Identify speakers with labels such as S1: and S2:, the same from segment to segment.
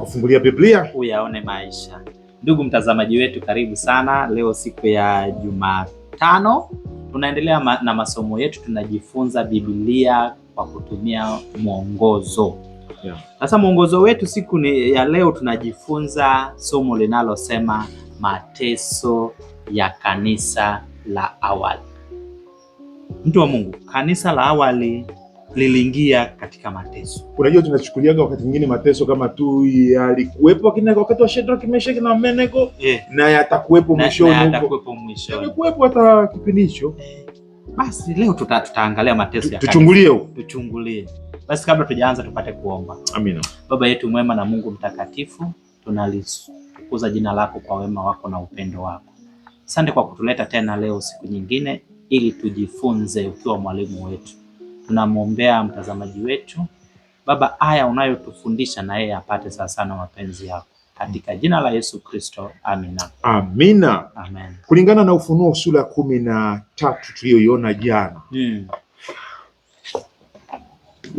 S1: kufungulia Biblia
S2: uyaone maisha. Ndugu mtazamaji wetu, karibu sana. Leo siku ya Jumatano tunaendelea ma na masomo yetu, tunajifunza Biblia kwa kutumia mwongozo sasa yeah. Mwongozo wetu siku ya leo tunajifunza somo linalosema mateso ya kanisa la awali. Mtu wa Mungu, kanisa la awali liliingia katika mateso.
S1: Unajua, tunachukuliaga wakati mwingine mateso kama tu yalikuwepo wakati wa Shadraka, Meshaki na Abednego yeah. na yatakuwepo mwishoni, yamekuwepo hata kipindi hicho eh.
S2: Basi leo tuta, tutaangalia mateso
S1: ya tuchungulie
S2: tuchungulie. Basi kabla tujaanza, tupate kuomba. Amina. Baba yetu mwema na Mungu mtakatifu, tunalitukuza jina lako kwa wema wako na upendo wako. Asante kwa kutuleta tena leo siku nyingine, ili tujifunze ukiwa mwalimu wetu tunamwombea mtazamaji wetu. Baba, haya unayotufundisha na yeye apate sawa sana mapenzi yako katika jina la Yesu Kristo, amina.
S1: Amina. Amen. Kulingana na Ufunuo sura ya kumi na tatu tuliyoiona jana hmm.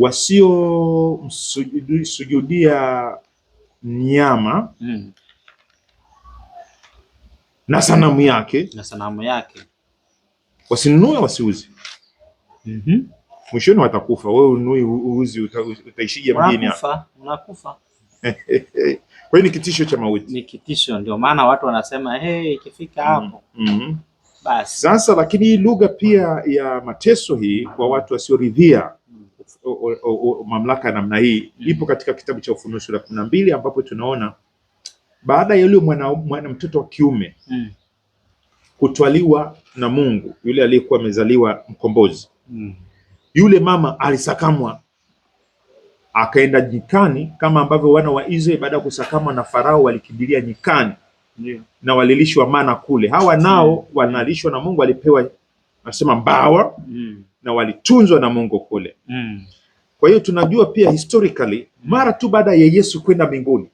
S1: wasiomsujudia mnyama hmm. na sanamu yake
S2: na sanamu yake
S1: wasinunue, wasiuze mm -hmm mwishoni watakufa. Wewe unui uuzi, uta, utaishije mjini
S2: hapa? Unakufa.
S1: Kwa hiyo ni kitisho cha mauti,
S2: ni kitisho, ndio maana watu wanasema hey, ikifika mm-hmm. hapo mm -hmm.
S1: Basi sasa, lakini hii lugha pia ya mateso hii kwa watu wasioridhia mamlaka ya namna hii lipo mm. katika kitabu cha Ufunuo sura kumi na mbili ambapo tunaona baada ya yule mwana, mwana mtoto wa kiume mm. kutwaliwa na Mungu yule aliyekuwa amezaliwa mkombozi mm. Yule mama alisakamwa akaenda nyikani, kama ambavyo wana wa Israeli baada ya kusakamwa na Farao walikimbilia nyikani yeah. na walilishwa mana kule. Hawa nao yeah. wanalishwa na Mungu, walipewa nasema mbawa mm. na walitunzwa na Mungu kule mm. Kwa hiyo tunajua pia historically, mara tu baada ya Yesu kwenda mbinguni,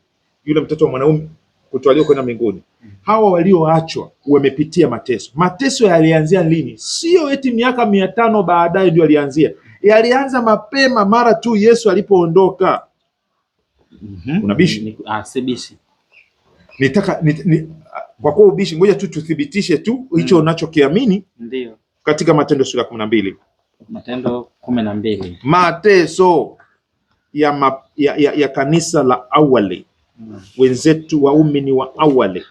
S1: yule mtoto wa mwanaume kutwaliwa kwenda mbinguni. Hawa walioachwa wamepitia mateso. Mateso yalianzia lini? Sio eti miaka mia tano baadaye ndio yalianzia, yalianza mapema mara tu Yesu alipoondoka. mm Nitaka kwa kuwa ubishi, ngoja tu tuthibitishe tu hicho mm. unachokiamini katika Matendo sura kumi na mbili
S2: Matendo kumi na mbili
S1: mateso ya, ma, ya, ya, ya kanisa la awali wenzetu waumini wa awali.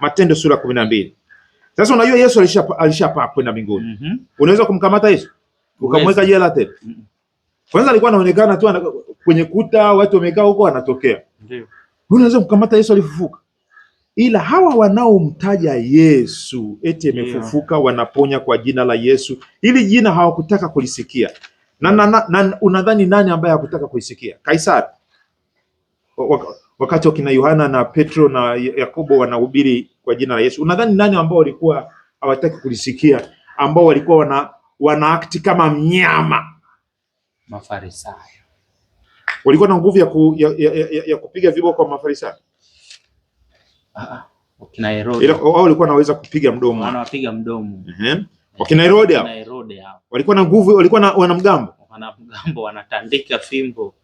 S1: Matendo sura kumi na mbili. Sasa unajua Yesu alishapaa alisha kwenda mbinguni mm -hmm. Unaweza kumkamata Yesu ukamweka jela tena mm -hmm. Kwanza alikuwa anaonekana tu kwenye kuta, watu wamekaa huko, anatokea ndio. Unaweza kumkamata Yesu alifufuka, ila hawa wanaomtaja Yesu eti amefufuka, wanaponya kwa jina la Yesu, ili jina hawakutaka kulisikia na, na, na, na unadhani nani ambaye hakutaka kuisikia? Kaisari wakati wakina Yohana na Petro na Yakobo wanahubiri kwa jina la Yesu, unadhani nani ambao walikuwa hawataki kulisikia, ambao walikuwa wana wanaakti kama mnyama?
S2: Mafarisayo
S1: walikuwa na nguvu ya, ku, ya, ya, ya, ya kupiga viboko kwa Mafarisayo
S2: ah, ah, wakina Herode
S1: wao walikuwa wanaweza kupiga mdomo,
S2: wanapiga mdomo. Ehe,
S1: wakina Herode hao walikuwa na nguvu, walikuwa na wanamgambo,
S2: wanamgambo wanatandika fimbo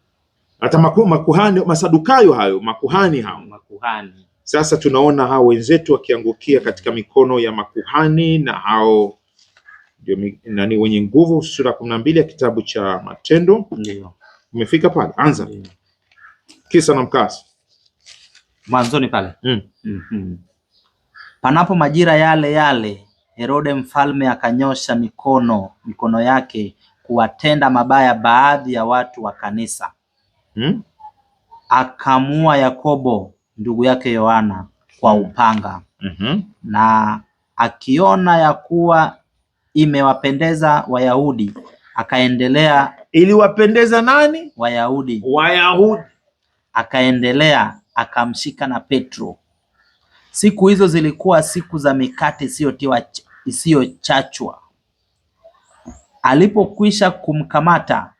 S1: hata makuhani Masadukayo hayo makuhani hao
S2: makuhani.
S1: Sasa tunaona hao wenzetu wakiangukia katika mikono ya makuhani na hao ndio nani wenye nguvu. Sura kumi na mbili ya kitabu cha Matendo umefika pale, anza Ndiyo. kisa na mkasa
S2: mwanzoni pale mm. mm -hmm. Panapo majira yale yale, Herode mfalme akanyosha mikono mikono yake kuwatenda mabaya baadhi ya watu wa kanisa hmm? Akamua Yakobo ndugu yake Yohana kwa hmm. upanga mm -hmm. na akiona ya kuwa imewapendeza Wayahudi akaendelea.
S1: Iliwapendeza nani?
S2: Wayahudi.
S1: Wayahudi
S2: akaendelea akamshika na Petro. Siku hizo zilikuwa siku za mikate isiyotiwa isiyochachwa. Alipokwisha kumkamata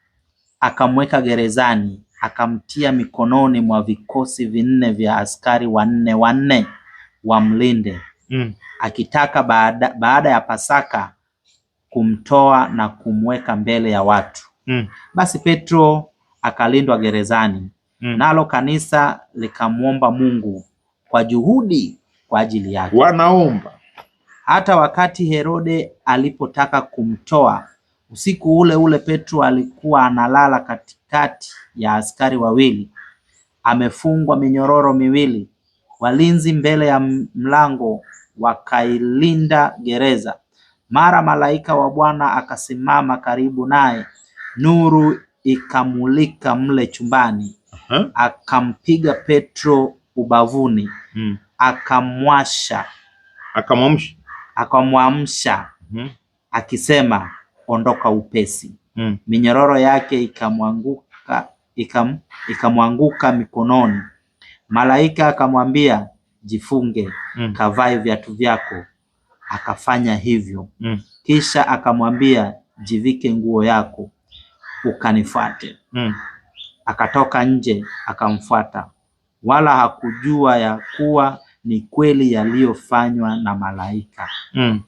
S2: akamweka gerezani akamtia mikononi mwa vikosi vinne vya askari wanne wanne wamlinde mm. akitaka baada, baada ya Pasaka kumtoa na kumweka mbele ya watu mm. Basi Petro akalindwa gerezani mm. nalo kanisa likamwomba Mungu kwa juhudi kwa ajili yake,
S1: wanaomba
S2: hata wakati Herode alipotaka kumtoa Usiku ule ule Petro alikuwa analala katikati ya askari wawili, amefungwa minyororo miwili. Walinzi mbele ya mlango wakailinda gereza. Mara malaika wa Bwana akasimama karibu naye, nuru ikamulika mle chumbani. uh -huh. Akampiga Petro ubavuni. hmm. Akamwasha,
S1: akamwamsha,
S2: akamwamsha. hmm. Akisema ondoka upesi. Mm. Minyororo yake ikamwanguka ikam, ikamwanguka mikononi. Malaika akamwambia jifunge, mm. kavae viatu vyako. Akafanya hivyo. Mm. Kisha akamwambia jivike nguo yako ukanifuate. Mm. Akatoka nje akamfuata, wala hakujua ya kuwa ni kweli yaliyofanywa na malaika. Mm.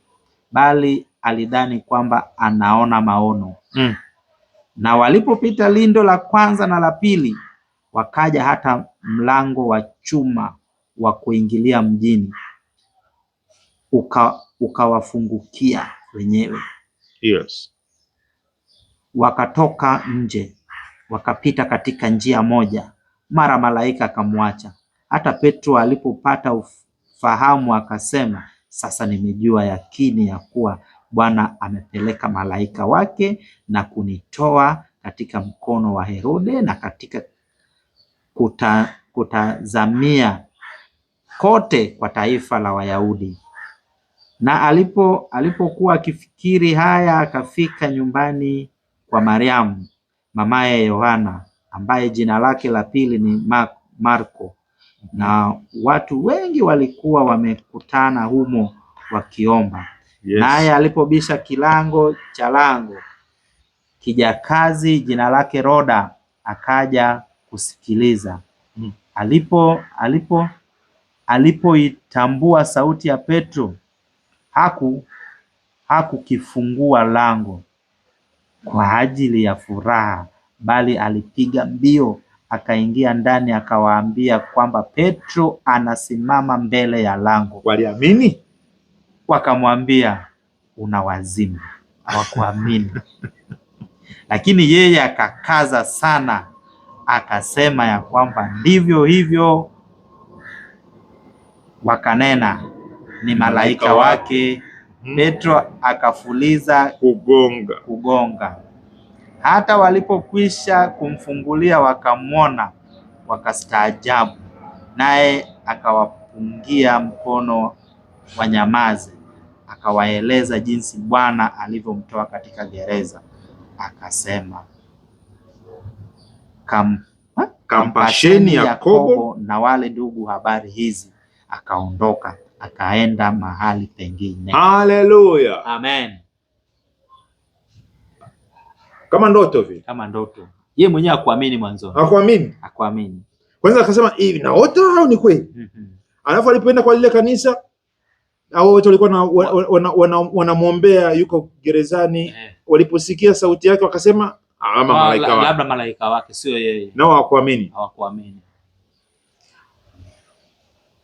S2: Bali alidhani kwamba anaona maono mm. Na walipopita lindo la kwanza na la pili, wakaja hata mlango wa chuma wa kuingilia mjini uka ukawafungukia wenyewe yes. Wakatoka nje wakapita katika njia moja, mara malaika akamwacha. Hata Petro alipopata ufahamu akasema, sasa nimejua yakini ya kuwa Bwana amepeleka malaika wake na kunitoa katika mkono wa Herode na katika kuta, kutazamia kote kwa taifa la Wayahudi. Na alipo alipokuwa akifikiri haya, akafika nyumbani kwa Mariamu mamaye Yohana ambaye jina lake la pili ni Marko, na watu wengi walikuwa wamekutana humo wakiomba yes. Naye alipobisha kilango cha lango, kijakazi jina lake Roda akaja kusikiliza. mm. alipo alipo alipoitambua sauti ya Petro haku hakukifungua lango kwa ajili ya furaha, bali alipiga mbio akaingia ndani, akawaambia kwamba Petro anasimama mbele ya lango.
S1: Waliamini?
S2: wakamwambia una wazima wakuamini. Lakini yeye akakaza sana, akasema ya kwamba ndivyo hivyo, wakanena ni malaika wake. Hmm. Petro akafuliza
S1: kugonga,
S2: kugonga. Hata walipokwisha kumfungulia wakamwona, wakastaajabu. Naye akawapungia mkono wanyamaze akawaeleza jinsi Bwana alivyomtoa katika gereza, akasema Kam, kampasheni Yakobo na wale ndugu habari hizi, akaondoka akaenda mahali pengine.
S1: Haleluya, amen. Kama ndoto vile,
S2: kama ndoto. Yeye mwenyewe akuamini mwanzo,
S1: akuamini,
S2: akuamini
S1: kwanza, akasema hivi naota au ni kweli? Mhm. Alafu alipoenda kwa lile kanisa hao wote walikuwa wanamwombea wana, wana yuko gerezani eh. Waliposikia sauti yake wakasema
S2: ah, ama malaika wake, labda malaika wake, sio yeye,
S1: nao hawakuamini,
S2: hawakuamini.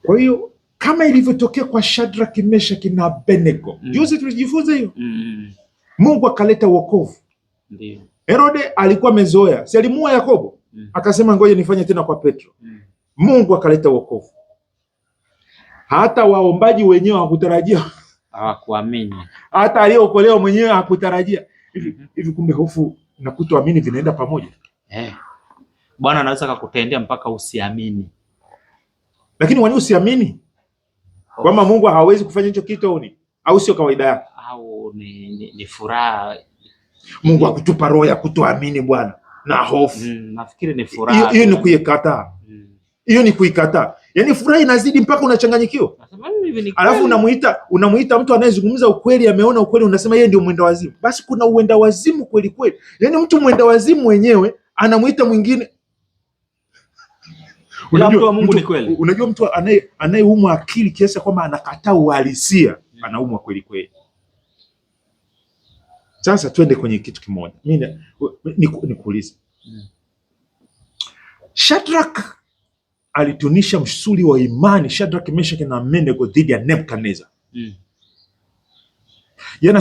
S1: Kwa hiyo kama ilivyotokea kwa Shadraki, kimesha na Abednego mm. Juzi tulijifunza hiyo mm, mm. Mungu akaleta wokovu. Ndio Herode alikuwa amezoea, si alimuua Yakobo mm. Akasema ngoja nifanye tena kwa Petro mm. Mungu akaleta wokovu hata waombaji wenyewe hawakutarajia,
S2: hawakuamini,
S1: hata aliyeokolewa mwenyewe hakutarajia hivi mm -hmm. Kumbe hofu na kutoamini vinaenda pamoja eh.
S2: Bwana anaweza kukutendea mpaka usiamini,
S1: lakini wani usiamini oh. kwamba Mungu hawezi kufanya hicho kitu ni au sio kawaida yako
S2: au ni, ni, ni furaha
S1: Mungu akutupa roho ya kutoamini Bwana na hofu mm,
S2: nafikiri ni furaha
S1: hiyo, ni kuikataa mm. hiyo, ni kuikataa Yaani furaha inazidi mpaka unachanganyikiwa. Alafu unamuita unamuita mtu anayezungumza ukweli, ameona ukweli, unasema yeye ndio mwenda wazimu. Basi kuna uenda wazimu kweli kweli. yani mtu mwenda wazimu wenyewe anamuita mwingine.
S2: Unajua Mungu ni kweli.
S1: Unajua mtu anaye anayeumwa akili kiasi kwamba anakataa uhalisia, anaumwa kweli kweli. Sasa twende kwenye kitu kimoja. Mimi nikuulize. Hmm. Shadrach alitunisha msuli wa imani Shadrach, Meshach na Abednego dhidi ya Nebukadnezar. Mm.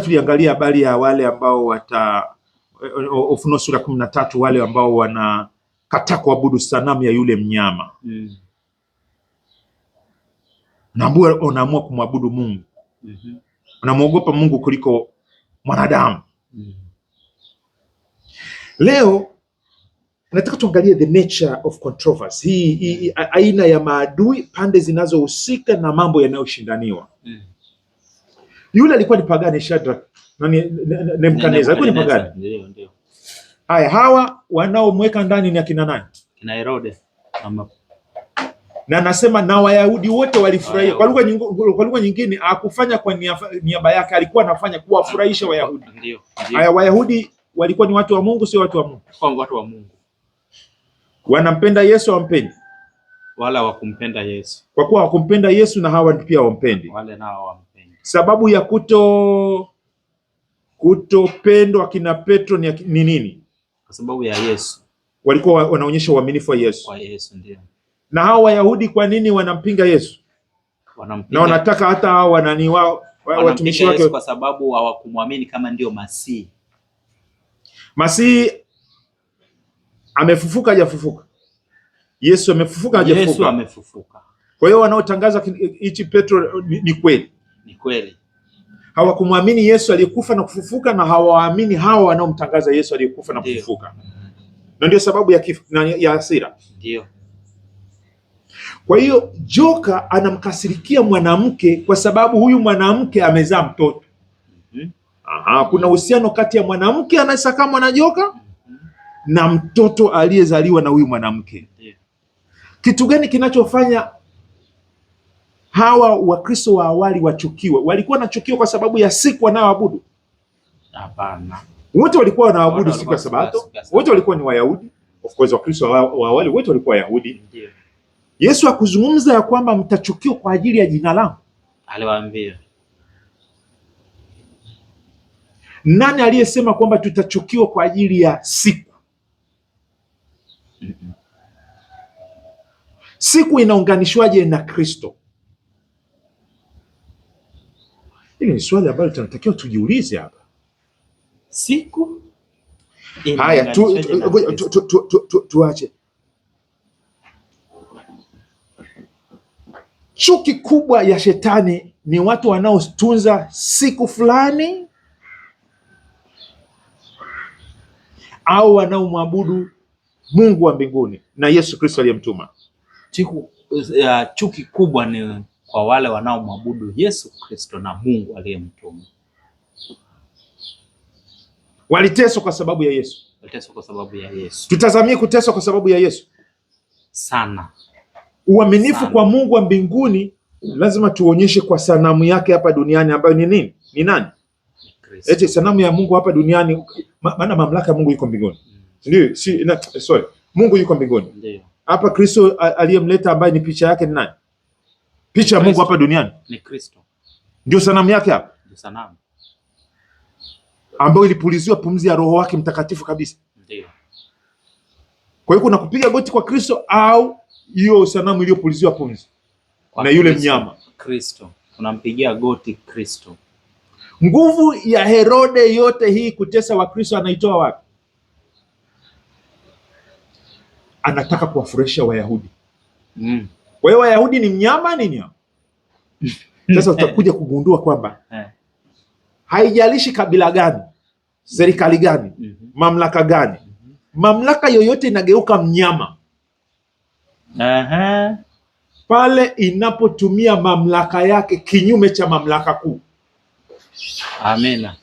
S1: tuliangalia habari ya wale ambao wata Ufunuo sura kumi na tatu, wale ambao wanakataa kuabudu sanamu ya yule mnyama mm. Naambua unaamua kumwabudu Mungu mm -hmm. Unamwogopa Mungu kuliko mwanadamu mm. Leo Nataka tuangalie the nature of controversy, hii hii aina ya maadui, pande zinazohusika na mambo yanayoshindaniwa. Mm. Yule alikuwa ni pagani Shadrach na Nebukadneza alikuwa ni pagani. Ndio, ndio. Haya, hawa wanaomweka ndani ni akina nani?
S2: Kina Herode. ama
S1: Na anasema na Wayahudi wote walifurahia. Kwa lugha nyingine, kwa lugha nyingine akufanya kwa niaba yake, alikuwa anafanya kuwafurahisha Wayahudi. Ndio. Haya, Wayahudi walikuwa ni watu wa Mungu, sio watu wa Mungu?
S2: Kwa Watu wa Mungu.
S1: Wanampenda Yesu wampendi
S2: Wala wakumpenda Yesu.
S1: Kwa kuwa wakumpenda Yesu na hawa pia wampendi. Wale nao wampendi. Sababu ya kuto kutopendwa kina Petro ni ni nini?
S2: Kwa sababu ya Yesu.
S1: Walikuwa wanaonyesha uaminifu wa Yesu. Kwa Yesu ndio. Na hawa Wayahudi kwa nini wanampinga Yesu? Wanampinga. Na wanataka hata hawa wanani wao
S2: watumishi wake kwa sababu hawakumwamini kama ndio Masihi.
S1: Masihi amefufuka hajafufuka? Yesu amefufuka hajafufuka? Yesu amefufuka. Kwa hiyo wanaotangaza hichi Petro ni, ni kweli ni kweli, hawakumwamini Yesu aliyekufa na kufufuka, na hawaamini hawa wanaomtangaza Yesu aliyekufa na kufufuka, na ndio sababu ya, kif, na, ya hasira. Ndio. Kwa hiyo joka anamkasirikia mwanamke kwa sababu huyu mwanamke amezaa mtoto. Hmm? Aha, kuna uhusiano kati ya mwanamke anayesakamwa na joka na mtoto aliyezaliwa na huyu mwanamke yeah. Kitu gani kinachofanya hawa Wakristo wa awali wachukiwe? Walikuwa wanachukiwa kwa sababu ya siku wanayoabudu? Hapana, wote walikuwa wanaabudu siku ya Sabato, wote walikuwa ni Wayahudi. Of course Wakristo wa awali wote walikuwa Wayahudi. Yesu akuzungumza ya kwamba mtachukiwa kwa ajili ya jina langu,
S2: aliwaambia
S1: nani? Aliyesema kwamba tutachukiwa kwa ajili ya siku Siku inaunganishwaje na Kristo? Hili ni swali ambalo tunatakiwa tujiulize hapa. Siku haya, tuache chuki kubwa ya shetani ni watu wanaotunza siku fulani au wanaomwabudu Mungu wa mbinguni na Yesu Kristo aliyemtuma.
S2: Eh, chuki kubwa ni kwa wale wanaomwabudu Yesu Kristo na Mungu aliyemtuma.
S1: Waliteswa kwa sababu ya Yesu,
S2: waliteswa kwa sababu ya Yesu.
S1: Tutazamie kuteswa kwa sababu ya Yesu sana. Uaminifu sana kwa Mungu wa mbinguni lazima tuonyeshe kwa sanamu yake hapa duniani ambayo ni nini? Ni nani? Eti sanamu ya Mungu hapa duniani, maana mamlaka ya Mungu iko mbinguni. Mm. Ndio, si na, sorry. Mungu yuko mbinguni. Ndio. Hapa Kristo aliyemleta ambaye ni picha yake ni nani? Picha ya Mungu hapa duniani ni Kristo. Ndio sanamu yake hapa. Ndio sanamu ambayo ilipuliziwa pumzi ya Roho wake Mtakatifu kabisa. Ndio. Kwa hiyo kuna kupiga goti kwa Kristo au hiyo sanamu iliyopuliziwa pumzi kwa na yule mnyama
S2: Kristo tunampigia goti Kristo.
S1: Nguvu ya Herode yote hii kutesa Kristo anaitoa wapi? anataka kuwafurahisha Wayahudi. Mm. Kwa hiyo Wayahudi ni mnyama nini Sasa utakuja kugundua kwamba eh. haijalishi kabila gani, serikali gani, mhm. mamlaka gani, mhm. mamlaka yoyote inageuka mnyama. Aha. Pale inapotumia mamlaka yake kinyume cha mamlaka kuu. Amina.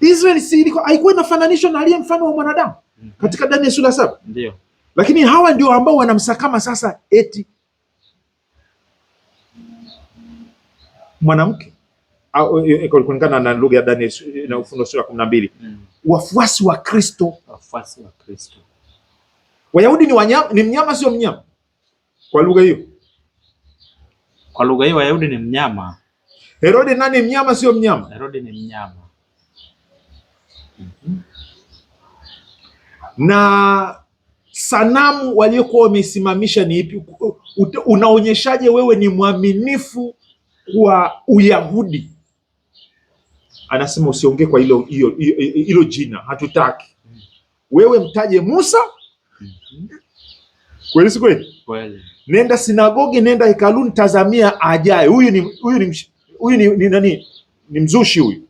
S1: Israeli si ilikuwa haikuwa inafananishwa na aliye mfano wa mwanadamu Mhm. katika ndani ya sura saba. Ndio. Lakini hawa ndio ambao wanamsakama sasa, eti mwanamke eh, eh, kulingana na lugha ya Daniel eh, na Ufunuo sura kumi na mbili mm. wafuasi wa Kristo,
S2: wafuasi wa Kristo.
S1: Wayahudi ni wanyama, ni mnyama, sio mnyama kwa lugha hiyo,
S2: kwa lugha hiyo Wayahudi ni mnyama.
S1: Herode nani? Mnyama sio mnyama?
S2: Herode ni mnyama. mm
S1: -hmm na sanamu waliokuwa wameisimamisha ni ipi? Unaonyeshaje wewe ni mwaminifu wa Uyahudi? Anasema usiongee kwa hilo hilo jina, hatutaki wewe mtaje Musa. Kweli si kweli? Nenda sinagogi, nenda hekaluni, tazamia ajaye. Huyu ni huyu ni huyu ni, ni nani? Ni mzushi huyu.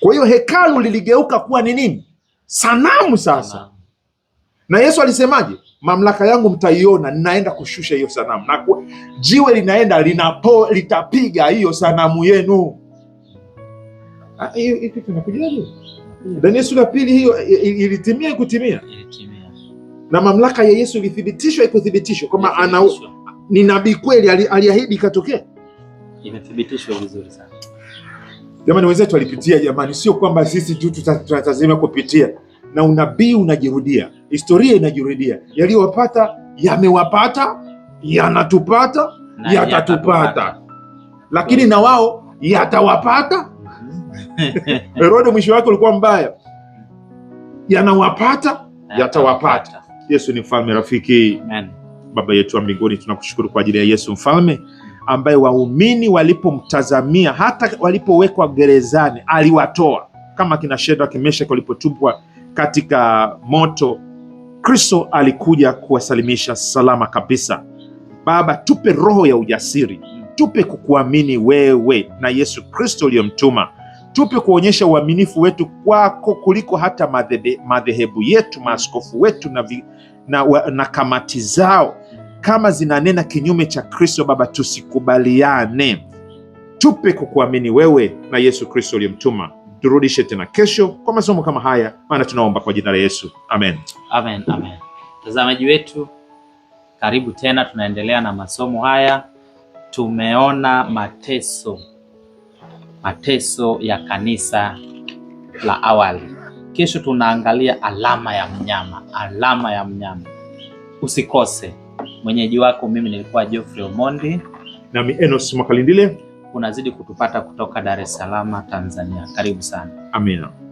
S1: Kwa hiyo hekalu liligeuka kuwa ni nini? sanamu sasa. Na Yesu alisemaje? Mamlaka yangu mtaiona, ninaenda kushusha hiyo sanamu, na jiwe linaenda linapo litapiga hiyo sanamu yenu. Ah, Danieli sura pili hiyo ilitimia, ikutimia na mamlaka ya Yesu ilithibitishwa, ikuthibitishwa kwamba ana ni nabii kweli, aliahidi, ikatokea,
S2: imethibitishwa vizuri sana.
S1: Jamani, wenzetu walipitia. Jamani, sio kwamba sisi tu tutatazamia kupitia, na unabii unajirudia, historia inajirudia. Yaliyowapata yamewapata, yanatupata, yatatupata, lakini na wao yatawapata. Herode mwisho wake ulikuwa mbaya, yanawapata, yatawapata. Yesu ni mfalme, rafiki. Amen. Baba yetu wa mbinguni, tunakushukuru kwa ajili ya Yesu mfalme ambaye waumini walipomtazamia hata walipowekwa gerezani aliwatoa, kama kina Shedra Meshaki walipotupwa katika moto, Kristo alikuja kuwasalimisha salama kabisa. Baba, tupe roho ya ujasiri, tupe kukuamini wewe na Yesu Kristo uliyomtuma, tupe kuonyesha uaminifu wetu kwako kuliko hata madhehebu yetu, maaskofu wetu na, vi, na, na kamati zao kama zinanena kinyume cha Kristo, Baba, tusikubaliane. Tupe kukuamini wewe na Yesu Kristo uliyemtuma. Turudishe tena kesho kwa masomo kama haya, maana tunaomba kwa jina la Yesu, amen.
S2: Amen, amen. Mtazamaji wetu, karibu tena, tunaendelea na masomo haya. Tumeona mateso, mateso ya kanisa la awali. Kesho tunaangalia alama ya mnyama, alama ya mnyama. Usikose. Mwenyeji wako mimi nilikuwa Geoffrey Omondi
S1: nami Enos Makalindile.
S2: Unazidi kutupata kutoka Dar es Salaam, Tanzania. Karibu sana.
S1: Amina.